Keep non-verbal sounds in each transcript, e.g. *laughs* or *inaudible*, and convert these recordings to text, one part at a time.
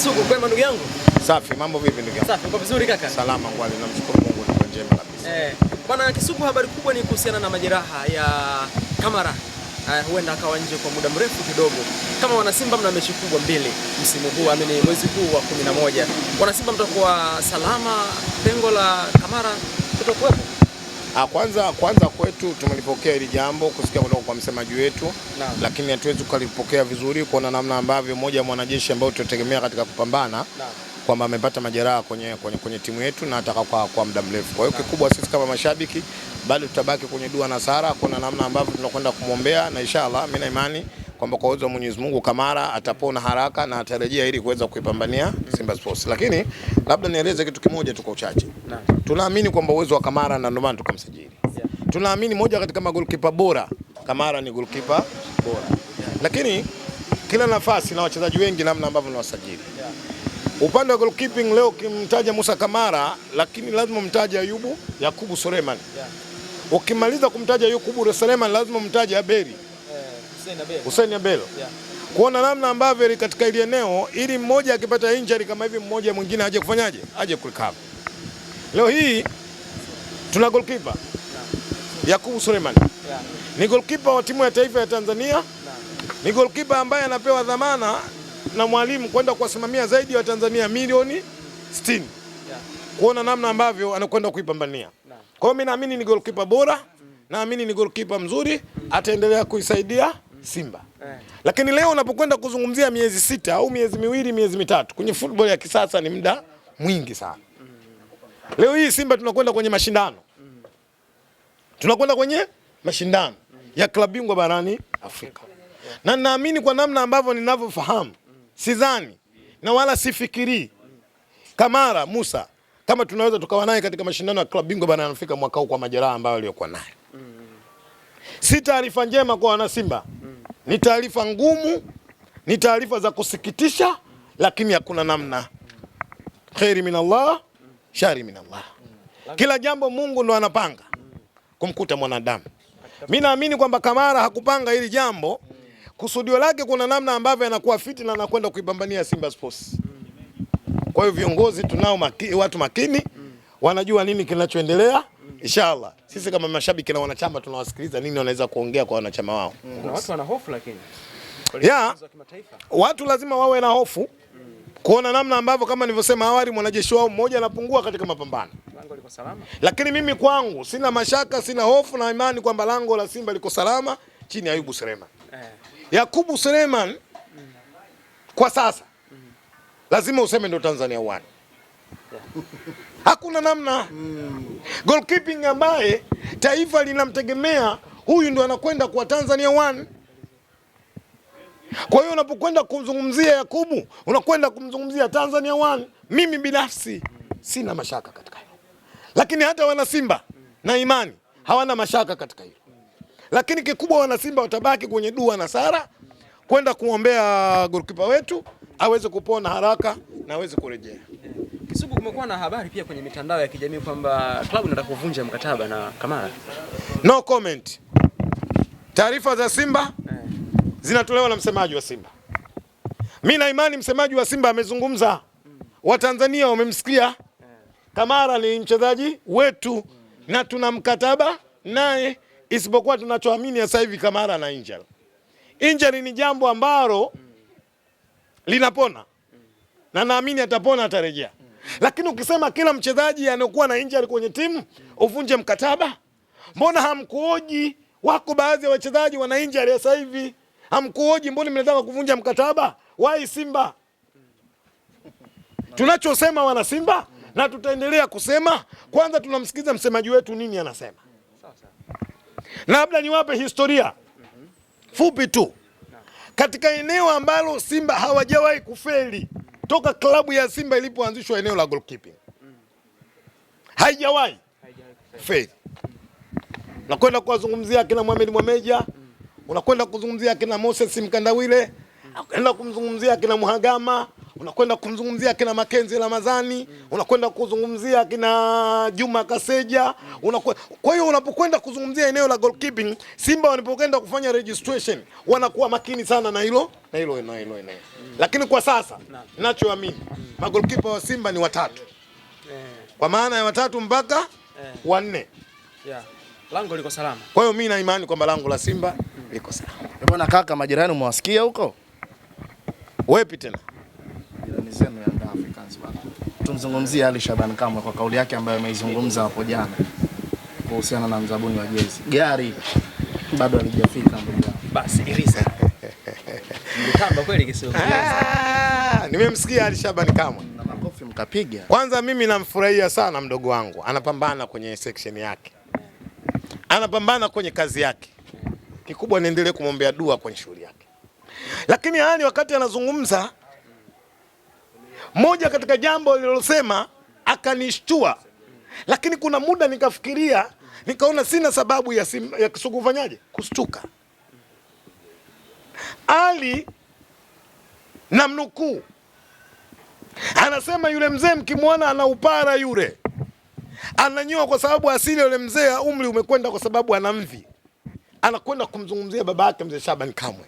Masuku, kwema ndugu yangu? Safi, mambo vipi ndugu yangu? Safi, uko vizuri kaka? Salama ngwali, namshukuru Mungu niko njema kabisa. Eh, bwana Kisugu, habari kubwa ni kuhusiana na majeraha ya kamara Uh, eh, huenda akawa nje kwa muda mrefu kidogo. Kama wanasimba mna mechi kubwa mbili msimu huu, amini mwezi huu wa 11. Wanasimba mtakuwa salama, pengo la kamara tutakuwa Ah, kwanza kwanza kwetu tumelipokea hili jambo kusikia kutoka kwa msemaji wetu no. Lakini hatuwezi kulipokea vizuri kuona namna ambavyo mmoja mwanajeshi ambayo tutategemea katika kupambana kwamba amepata majeraha kwenye, kwenye, kwenye timu yetu na ataka kwa, kwa muda mrefu. Kwa hiyo kikubwa sisi kama mashabiki bado tutabaki kwenye dua na sara kuona namna ambavyo tunakwenda kumwombea na inshallah mimi na imani kwamba kwa uwezo wa Mwenyezi Mungu Kamara atapona haraka na atarejea ili kuweza kuipambania Simba Sports. Lakini labda nieleze kitu kimoja tu kwa uchache. Tunaamini kwamba uwezo wa Kamara na ndio maana tukamsajili. Tunaamini moja katika magolikipa bora, Kamara ni golikipa bora. Lakini kila nafasi na wachezaji wengi namna ambavyo nawasajili. Upande wa goalkeeping leo ukimtaja Musa Kamara, lakini lazima mtaje Ayubu Yakubu Suleiman. Ukimaliza kumtaja Yakubu Suleiman lazima mtaje Aberi. Hussein Abel yeah. Kuona namna ambavyo katika ile eneo ili mmoja akipata injury kama hivi mmoja mwingine aje kufanyaje, aje kurecover. Leo hii tuna goalkeeper yeah. Yakubu Suleiman yeah. Ni goalkeeper wa timu ya taifa ya Tanzania yeah. Ni goalkeeper ambaye anapewa dhamana na mwalimu kwenda kuwasimamia zaidi wa Tanzania milioni 60 yeah. Kuona namna ambavyo anakwenda kuipambania nah. Kwa hiyo mimi naamini ni goalkeeper bora mm. Naamini ni goalkeeper mzuri Ataendelea kuisaidia Simba eh. Lakini leo unapokwenda kuzungumzia miezi sita au miezi miwili miezi mitatu kwenye football ya kisasa ni muda mwingi sana. Leo hii Simba tunakwenda kwenye mashindano, tunakwenda kwenye mashindano ya klabu bingwa barani Afrika, na naamini kwa namna ambavyo ninavyofahamu, sidhani na wala sifikiri Kamara Musa kama tunaweza tukawa naye katika mashindano ya klabu bingwa barani Afrika mwaka huu kwa majeraha ambayo aliyokuwa nayo. Si taarifa njema kwa wana Simba. Ni taarifa ngumu, ni taarifa za kusikitisha, lakini hakuna namna. Kheri minallah shari minallah, kila jambo Mungu ndo anapanga kumkuta mwanadamu. Mi naamini kwamba Kamara hakupanga hili jambo, kusudio lake kuna namna ambavyo anakuwa fiti na anakwenda kuipambania Simba Sports. Kwa hiyo viongozi tunao maki, watu makini wanajua nini kinachoendelea Inshallah. Sisi kama mashabiki na wanachama tunawasikiliza nini wanaweza kuongea kwa wanachama wao. Mm. Watu wana hofu lakini. Yeah. Watu lazima wawe na hofu mm. kuona namna ambavyo kama nilivyosema awali mwanajeshi wao mmoja anapungua katika mapambano. Lango liko salama. Lakini mimi kwangu sina mashaka, sina hofu na imani kwamba lango la Simba liko salama chini ya Ayubu Suleiman. Eh. Yakubu Suleiman mm. kwa sasa mm. lazima useme ndo Tanzania one. Yeah hakuna namna mm. Goalkeeping ambaye taifa linamtegemea huyu ndio anakwenda kwa Tanzania one. Kwa hiyo unapokwenda kumzungumzia Yakubu unakwenda kumzungumzia Tanzania one. Mimi binafsi sina mashaka katika hilo, lakini hata wana Simba na imani hawana mashaka katika hilo, lakini kikubwa wana Simba watabaki kwenye dua na sara kwenda kuombea goalkeeper wetu aweze kupona haraka na aweze kurejea. Sugu, kumekuwa na habari pia kwenye mitandao ya kijamii kwamba klabu inataka kuvunja mkataba na Kamara. No comment. Taarifa za Simba eh, zinatolewa na msemaji wa Simba. Mimi na imani msemaji wa Simba amezungumza, mm. Watanzania wamemsikia, eh. Kamara ni mchezaji wetu, mm. na tuna mkataba naye, isipokuwa tunachoamini sasa hivi Kamara na injury. Injury ni jambo ambalo mm. linapona, mm. na naamini atapona, atarejea. Lakini ukisema kila mchezaji anayokuwa na injury kwenye timu uvunje mkataba, mbona hamkuoji? Wako baadhi ya wachezaji wana injury sasa hivi, hamkuoji? Mbona mnataka kuvunja mkataba? Wai Simba, tunachosema wana Simba na tutaendelea kusema. Kwanza tunamsikiza msemaji wetu nini anasema, labda niwape historia fupi tu katika eneo ambalo Simba hawajawahi kufeli toka klabu ya Simba ilipoanzishwa eneo la goalkeeping haijawahi fail. Unakwenda kuwazungumzia akina Mohamed Mwameja, unakwenda kuzungumzia akina Moses Mkandawile, unakwenda kumzungumzia akina Mhagama unakwenda kumzungumzia kina Makenzi Ramadhani mm. unakwenda kuzungumzia kina Juma Kaseja mm. kwa hiyo unapokwenda kuzungumzia eneo la goalkeeping, Simba wanapokwenda kufanya registration wanakuwa makini sana na hilo na hilo na hilo eneo mm. lakini kwa sasa ninachoamini mm. magolkipa wa Simba ni watatu yeah. kwa maana ya watatu mpaka yeah. wanne yeah. lango liko salama. Kwa hiyo mimi na imani kwamba lango la Simba liko salama. Bwana kaka, majirani umewasikia huko? Wapi tena kampeni zenu Young Africans bwana. Tumzungumzie Ali Shaban Kamwe kwa kauli yake ambayo ameizungumza hapo jana kuhusiana na mzabuni wa jezi. Gari bado halijafika ndugu. Basi Irisa. Mtamba kweli kisio. Ah, nimemsikia Ali Shaban Kamwe. Na makofi mkapiga. Kwanza mimi namfurahia sana mdogo wangu. Anapambana kwenye section yake. Anapambana kwenye kazi yake. Kikubwa niendelee kumwombea dua kwenye shughuli yake. Lakini yani wakati anazungumza moja katika jambo alilosema akanishtua, lakini kuna muda nikafikiria, nikaona sina sababu ya, sim, ya Kisugu fanyaje kustuka. Ali na mnukuu anasema yule mzee mkimwona ana upara yule ananyoa kwa sababu asili yule mzee umri umekwenda, kwa sababu ana mvi. Anakwenda kumzungumzia baba yake mzee Shaban Kamwe.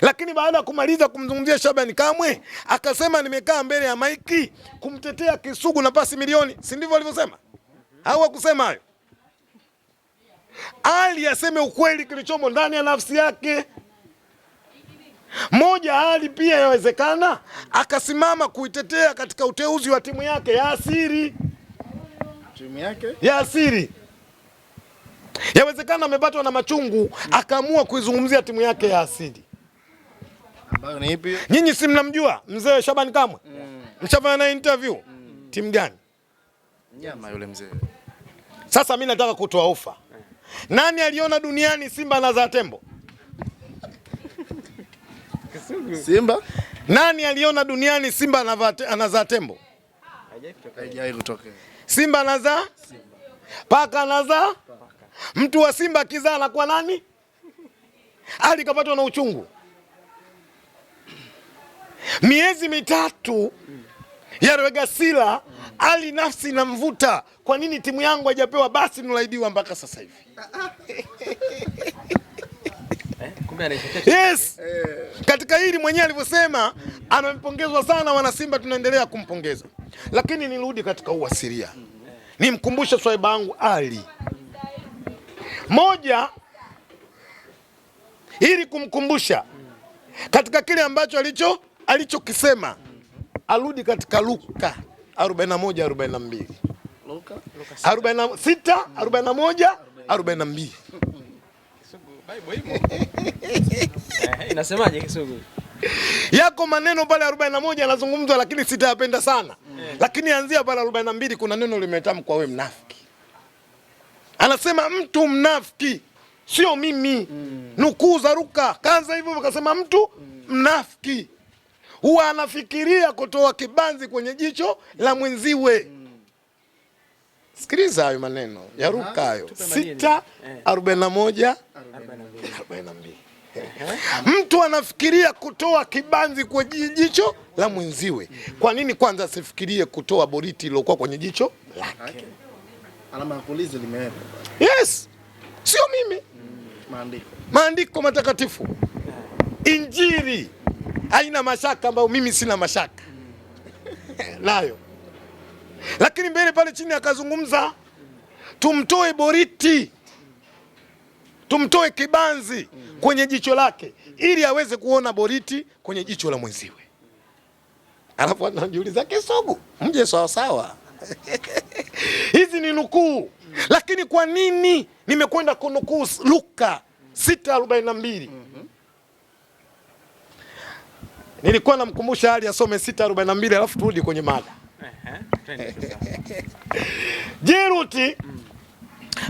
Lakini baada ya kumaliza kumzungumzia Shabani Kamwe akasema, nimekaa mbele ya maiki kumtetea Kisugu na pasi milioni, si ndivyo alivyosema? Au hakusema hayo? Ali aseme ukweli kilichomo ndani ya nafsi yake. Moja, hali pia yawezekana akasimama kuitetea katika uteuzi wa timu yake ya asiri, timu yake ya asiri. Yawezekana amepatwa na machungu akaamua kuizungumzia timu yake ya asili ambayo ni ipi? Nyinyi si mnamjua mzee Shaban Kamwe? Mm. Mshafanya na interview? Mm. Timu gani? Nyama yule mzee. Sasa mimi nataka kutoa ufa. Nani aliona duniani Simba za tembo? Simba? Nani aliona duniani Simba anazaa tembo? Haijawahi kutokea. Simba anazaa? Simba. Paka anazaa? Paka. Mtu wa Simba akizaa anakuwa nani? Ali kapatwa na uchungu miezi mitatu ya regasila ali nafsi inamvuta, kwa nini timu yangu haijapewa basi nulaidiwa mpaka sasa hivi? Yes, katika hili mwenyewe alivyosema, amepongezwa sana. Wanasimba tunaendelea kumpongeza, lakini nirudi katika uasilia, nimkumbushe swaiba wangu Ali moja, ili kumkumbusha katika kile ambacho alicho alichokisema arudi katika Luka 41 *laughs* eh, inasemaje Kisugu? yako maneno pale 41 anazungumzwa, lakini sitayapenda sana mm. Lakini anzia pale 42 kuna neno limetamkwa, we mnafiki. Anasema mtu mnafiki, sio mimi mm. Nukuu za Ruka kanza hivyo, wakasema mtu mm. mnafiki huwa anafikiria kutoa kibanzi kwenye jicho la mwenziwe. Sikiliza hayo maneno yaruka hayo, sita eh. arobaini na moja arobaini na mbili Mtu anafikiria kutoa kibanzi kwenye jicho la mwenziwe, kwa nini kwanza asifikirie kutoa boriti iliyokuwa kwenye jicho lake? Alama ya kuuliza limewekwa. Yes, sio mimi, mm. maandiko matakatifu, eh. Injili haina mashaka ambayo mimi sina mashaka *laughs* nayo, lakini mbele pale chini akazungumza tumtoe boriti tumtoe kibanzi kwenye jicho lake ili aweze kuona boriti kwenye jicho la mwenziwe. Alafu anajiuliza kisogo, mje sawasawa. *laughs* Hizi ni nukuu, lakini kwa nini nimekwenda kunukuu Luka 6:42? Nilikuwa namkumbusha hali asome 642 alafu turudi kwenye mada. *laughs* Jiruti mm.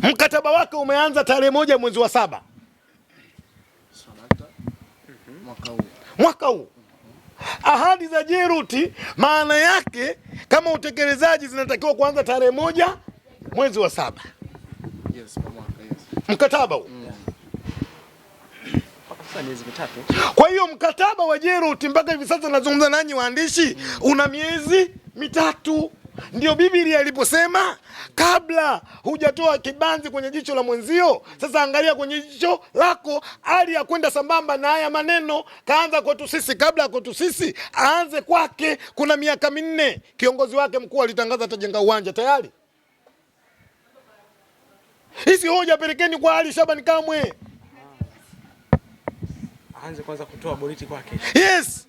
mkataba wake umeanza tarehe moja mwezi wa saba mhm. mwaka huu. Ahadi za Jeruti maana yake kama utekelezaji zinatakiwa kuanza tarehe moja mwezi wa saba. Mkataba huu mm. Kwa hiyo mkataba wa Jerut mpaka hivi sasa nazungumza nanyi waandishi, una miezi mitatu. Ndio Biblia iliposema kabla hujatoa kibanzi kwenye jicho la mwenzio, sasa angalia kwenye jicho lako. Ali ya kwenda sambamba na haya maneno, kaanza kwetu sisi. Kabla ya kwetu sisi, aanze kwake. Kuna miaka minne kiongozi wake mkuu alitangaza atajenga uwanja tayari. Hizi hoja pelekeni kwa Ali Shaban Kamwe aanze kwanza kutoa boriti kwake. Yes.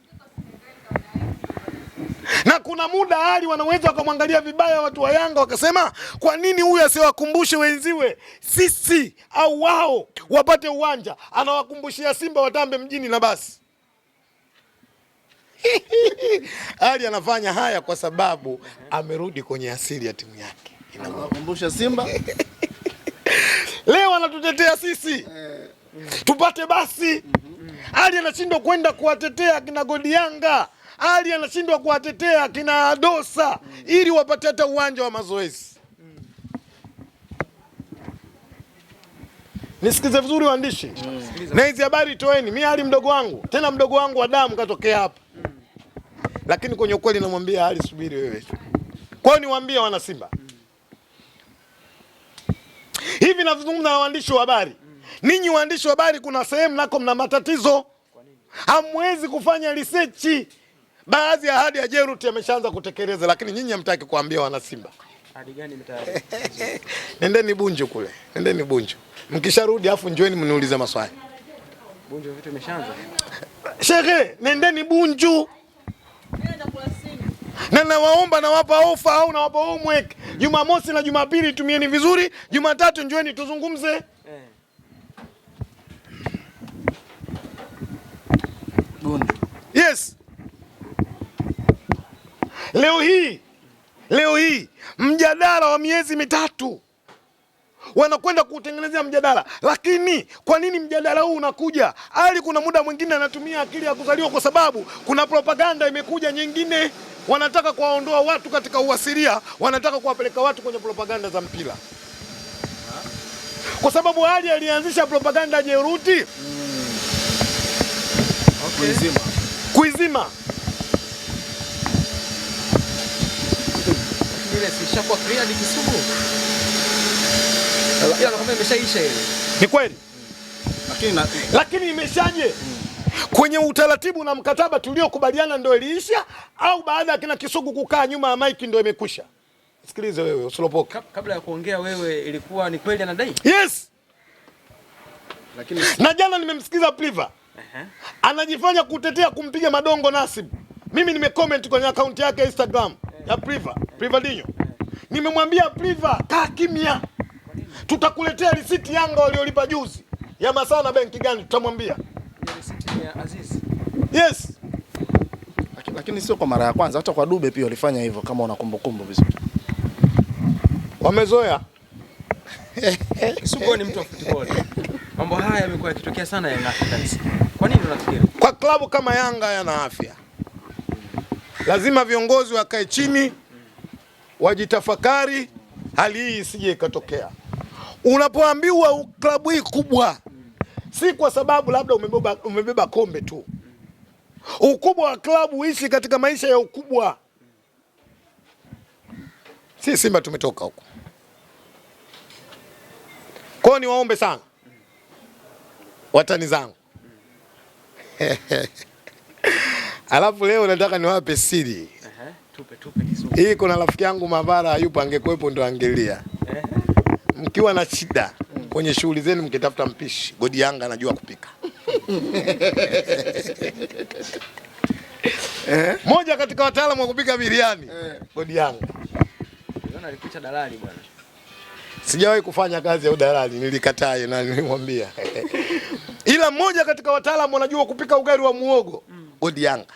Na kuna muda Ali wanaweza wakamwangalia vibaya watu wa Yanga wakasema, kwa nini huyu asiwakumbushe wenziwe sisi au wao wapate uwanja, anawakumbushia Simba watambe mjini na basi. *laughs* Ali anafanya haya kwa sababu amerudi kwenye asili ya timu yake, inawakumbusha Simba *laughs* leo anatutetea sisi eh. tupate basi mm. Ali anashindwa kwenda kuwatetea kina Godianga, Ali anashindwa kuwatetea kina Adosa ili wapate hata uwanja wa mazoezi Nisikize vizuri waandishi mm. na hizi habari toeni. Mi Ali mdogo wangu tena mdogo wangu wa damu katokea hapa mm. lakini kwenye ukweli namwambia Ali, subiri wewe. kwao hiyo niwaambie wana Simba mm. hivi nazungumza na waandishi wa habari Ninyi waandishi wa habari, kuna sehemu nako mna matatizo, hamwezi kufanya risechi. Baadhi ya ahadi ya Jerut yameshaanza kutekeleza, lakini nyinyi hamtaki kuambia wanasimba. *laughs* Nendeni Bunju kule, nendeni Bunju, mkisharudi afu njoeni mniulize maswali Bunju. Vitu imeshaanza *laughs* Shehe, nendeni Bunju na nawaomba, nawapa ofa au nawapa homework. Jumamosi na Jumapili tumieni vizuri, Jumatatu njoeni tuzungumze. Burundi. Yes. Leo hii leo hii mjadala wa miezi mitatu wanakwenda kutengenezea mjadala, lakini kwa nini mjadala huu unakuja ali? Kuna muda mwingine anatumia akili ya kuzaliwa, kwa sababu kuna propaganda imekuja nyingine. Wanataka kuwaondoa watu katika uasilia, wanataka kuwapeleka watu kwenye propaganda za mpira, kwa sababu Ali alianzisha propaganda jeruti kuizima, kuizima. Ni kweli lakini imeshaje? Kwenye utaratibu na mkataba tuliokubaliana ndo iliisha au baada ya kina Kisugu kukaa nyuma ya maiki ndo imekusha? Sikilize wewe usilopoka. Kabla ya kuongea wewe, ilikuwa ni kweli anadai? Yes. Lakini... na jana nimemsikiza Pliva huh Anajifanya kutetea kumpiga madongo Nasib. Mimi comment kwenye akaunti yake Instagram uh-huh. ya Priva, Priva Dinyo. Uh-huh. Nimemwambia Priva kaa kimya. Tutakuletea risiti Yanga waliolipa juzi ya Masana benki gani tutamwambia. Yes. Lakini, lakini sio kwa mara ya kwanza hata kwa Dube pia walifanya hivyo kama una kumbukumbu vizuri. Wamezoea. Suko *laughs* ni mtu wa football. Mambo haya yamekuwa yakitokea sana Yanga Africans. Kwa nini unafikiri? Kwa klabu kama Yanga yana afya, lazima viongozi wakae chini wajitafakari, hali hii isije ikatokea. Unapoambiwa klabu hii kubwa, si kwa sababu labda umebeba, umebeba kombe tu. Ukubwa wa klabu uishi katika maisha ya ukubwa. Si Simba tumetoka huko kwao, niwaombe sana watani zangu *laughs* alafu leo nataka niwape siri hii. Kuna rafiki yangu Mavara yupo, angekuwepo ndo angelia. Mkiwa na shida kwenye shughuli zenu, mkitafuta mpishi, Godi Yanga anajua kupika. *laughs* Moja katika wataalamu wa kupika biriani, Godi Yanga. Unaona alikucha dalali bwana. Sijawahi kufanya kazi ya udalali, nilikataa na nilimwambia *laughs* ila mmoja katika wataalamu wanajua kupika ugali wa muogo mm. Odianga.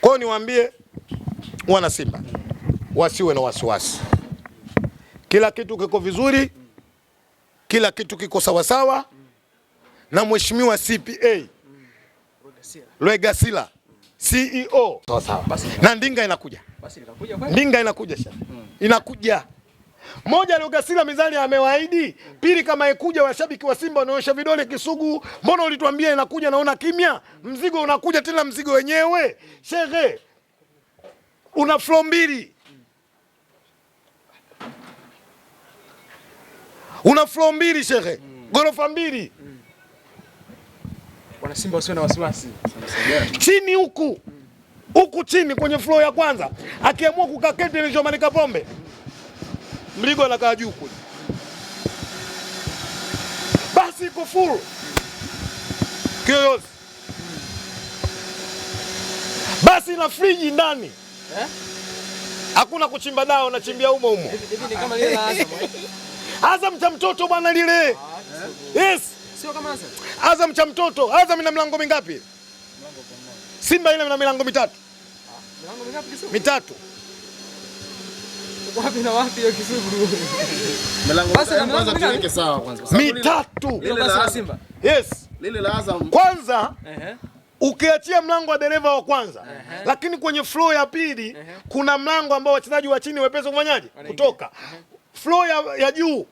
Kwa hiyo niwaambie wana Simba wasiwe na wasiwasi, kila kitu kiko vizuri, kila kitu kiko sawasawa na mheshimiwa CPA legasila CEO. Sawa sawa. Na ndinga inakuja. Basi inakuja kweli? Ndinga inakuja sasa. Hmm. Inakuja. Moja Ugasila Mizani amewaahidi. Pili, kama ikuja washabiki wa Simba wanaosha vidole kisugu, mbona ulituambia inakuja? Naona kimya, mzigo unakuja tena, mzigo wenyewe shehe, una flow mbili, una flo mbili shehe, hmm. gorofa mbili. Simba wasiwe na wasiwasi chini huku huku chini kwenye floor ya kwanza, akiamua kukaketi Benjamin Kapombe, Mligo anakaa juu kule, basi iko full kiyoyozi, basi na friji ndani eh? Hakuna kuchimba dao, nachimbia umo umo. Azam cha mtoto bwana lile, ah, yes, sio kama Azam Azam cha mtoto. Azam ina milango mingapi? Simba ile ina milango mitatu. Milango mingapi Kisugu? Mitatu. Wapi na wapi hiyo Kisugu? Milango basi eh, kwanza tuweke sawa kwanza. Mitatu. Lile la Simba. Yes. Lile la Azam. Kwanza. Ehe. Ukiachia mlango wa dereva wa kwanza uh Lakini kwenye flow ya pili Kuna mlango ambao wachezaji wa chini wepesi kufanyaje kutoka uh -huh. Flow ya, ya juu uh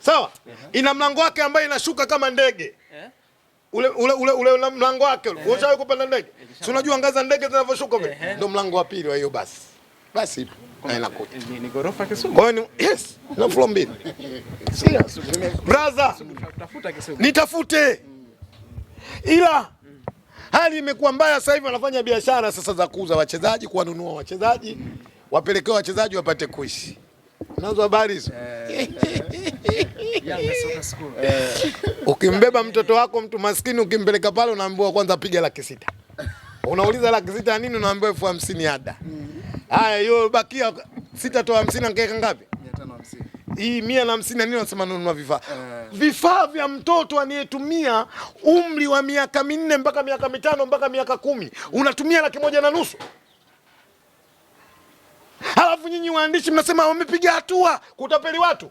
sawa uh -huh. Ina mlango wake ambaye inashuka kama ndege eh? Ule, ule, ule, ule mlango wake ule. -huh. Ushawahi kupanda ndege eh, Si unajua ngaza ndege zinavyoshuka vile eh, Ndio mlango wa pili wa hiyo basi basi ipo yes, na floor mbili *laughs* brother, nitafute mm. ila mm. hali imekuwa mbaya sasa hivi, wanafanya biashara sasa za kuuza wachezaji, kuwanunua wachezaji, mm. wapelekea wachezaji wapate kuishi nazo habari hizo eh, eh, eh. ukimbeba mtoto wako mtu maskini ukimpeleka pale unaambiwa kwanza piga laki sita unauliza laki sita nini unaambiwa elfu hamsini ada haya hiyo bakia sita toa hamsini angeka ngapi hii mia na hamsini na nini wanasema nunua vifaa uh, vifaa vya mtoto anayetumia umri wa miaka minne mpaka miaka mitano mpaka miaka kumi unatumia laki moja na nusu halafu nyinyi waandishi mnasema wamepiga hatua kutapeli watu.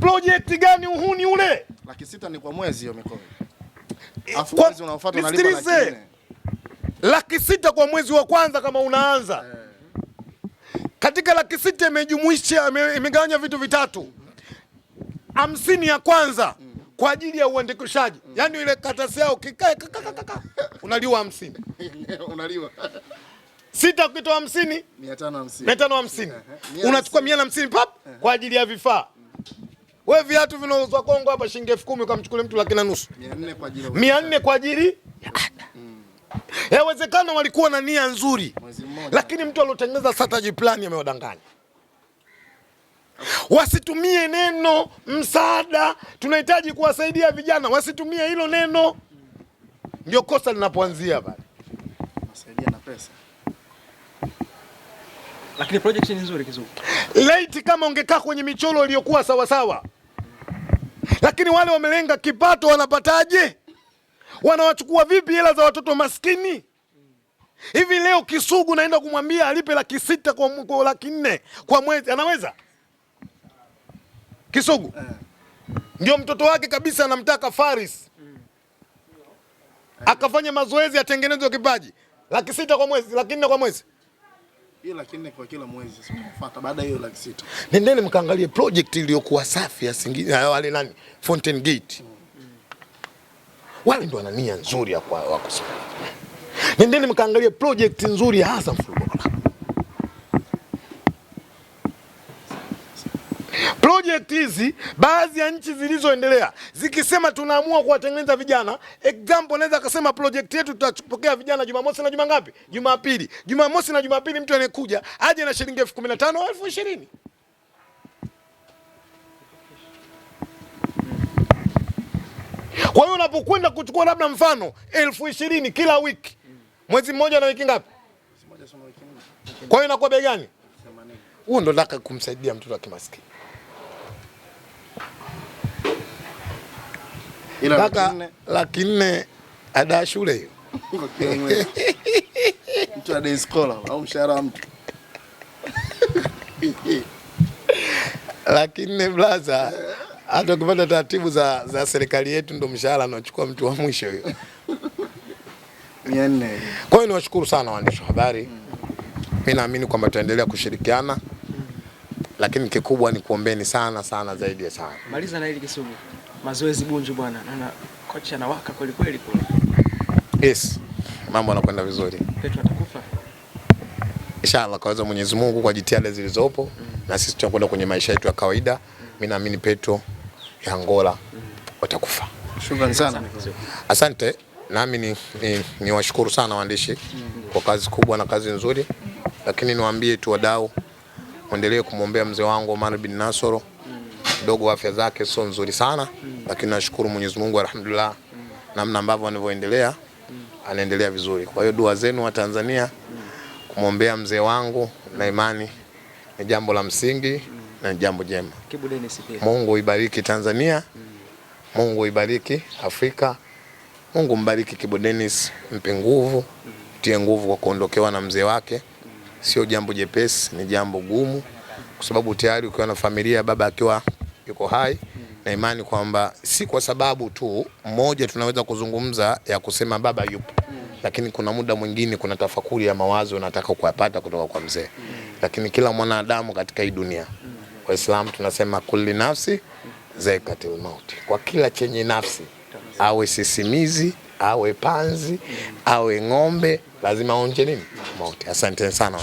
Project gani uhuni ule? Laki sita ni kwa mwezi hiyo mikoa. Eh, Afu mwezi unaofuata unalipa laki nne. Laki sita kwa mwezi wa kwanza kama unaanza. Eh. Katika laki sita imejumuisha imegawanya vitu vitatu. Hamsini ya kwanza mm. kwa ajili ya uandikishaji. Mm. Yaani ile katasi yao kikae unaliwa hamsini. *laughs* Unaliwa sita ukitoa hamsini mia tano hamsini unachukua mia na hamsini pap kwa ajili ya vifaa. We viatu vinauzwa Kongo hapa shilingi elfu kumi ukamchukulia mtu laki na nusu mia nne kwa ajili mm. yawezekana walikuwa na nia nzuri, lakini mtu aliotengeneza strategy plan amewadanganya. Wasitumie neno msaada, tunahitaji kuwasaidia vijana, wasitumie hilo neno. Ndio kosa linapoanzia pale, wasaidia na pesa. Lakini project ni nzuri kizuri. Laiti kama ungekaa kwenye michoro iliyokuwa sawasawa. Lakini wale wamelenga kipato wanapataje? Wanawachukua vipi hela za watoto maskini? Hivi leo Kisugu naenda kumwambia alipe laki sita kwa, kwa laki nne kwa mwezi anaweza? Kisugu eh. ndio mtoto wake kabisa anamtaka Faris akafanya mazoezi atengenezwe kipaji, laki sita kwa mwezi, laki nne kwa mwezi kwa kila mwezi sikufuata. Baada hiyo laki sita, nendeni mkaangalie project iliyokuwa safi ya Singida wale nani Fountain Gate wale ndo wana nia nzuri ya kwa wakusema. Nendeni mkaangalie project nzuri ya Hassan Football hizi baadhi ya nchi zilizoendelea zikisema tunaamua kuwatengeneza vijana. Example, naweza akasema project yetu tutapokea vijana Jumamosi na Juma ngapi? Jumapili. Jumamosi na Jumapili, mtu anayekuja aje na shilingi elfu kumi na tano au elfu ishirini Kwa hiyo unapokwenda kuchukua labda mfano elfu ishirini kila wiki, mwezi mmoja na wiki ngapi? Kwa hiyo inakuwa bei gani? Huo ndo nataka kumsaidia mtoto wa kimaskini. mpaka laki nne ada ya shule hiyo *laughs* mtu ada iskola au mshahara mtu laki blaza, hata kupata taratibu za, za serikali yetu ndo mshahara anachukua mtu wa mwisho huyo. Kwa hiyo niwashukuru sana waandishi wa habari, mi naamini kwamba tutaendelea kushirikiana, lakini kikubwa ni kuombeni sana sana zaidi ya sana. Maliza na hili Kisugu mazoezi Bunju bwana, naona kocha anawaka kweli kweli kule. Yes, mambo yanakwenda vizuri. Petro atakufa inshallah, kwa uwezo Mwenyezi Mungu, kwa jitihada zilizopo mm. na sisi tunakwenda kwenye maisha yetu ya kawaida mm. mimi naamini Petro ya Angola mm. watakufa. Shukrani sana, asante. Nami ni, ni, ni washukuru sana waandishi mm. kwa kazi kubwa na kazi nzuri, lakini niwaambie tu wadau, muendelee kumwombea mzee wangu Omar bin Nasoro kidogo afya zake sio nzuri sana mm. Lakini nashukuru Mwenyezi Mungu alhamdulillah, mm. namna ambavyo anavyoendelea mm. anaendelea vizuri. Kwa hiyo dua zenu wa Tanzania mm. kumwombea mzee wangu na imani ni jambo la msingi mm. na ni jambo jema. Mungu ibariki Tanzania mm. Mungu ibariki Afrika. Mungu mbariki Kibu Denis, mpe nguvu mm. tie nguvu kwa kuondokewa na mzee wake mm. sio jambo jepesi, ni jambo gumu kwa sababu tayari ukiwa na familia, baba akiwa yuko hai mm. na imani kwamba si kwa sababu tu mmoja tunaweza kuzungumza ya kusema baba yupo mm. lakini kuna muda mwingine kuna tafakuri ya mawazo unataka kuyapata kutoka kwa mzee mm. lakini kila mwanadamu katika hii dunia mm. Waislamu tunasema kulli nafsi zaikatil mauti, kwa kila chenye nafsi awe sisimizi awe panzi awe ng'ombe lazima aonje nini mauti. Asante sana.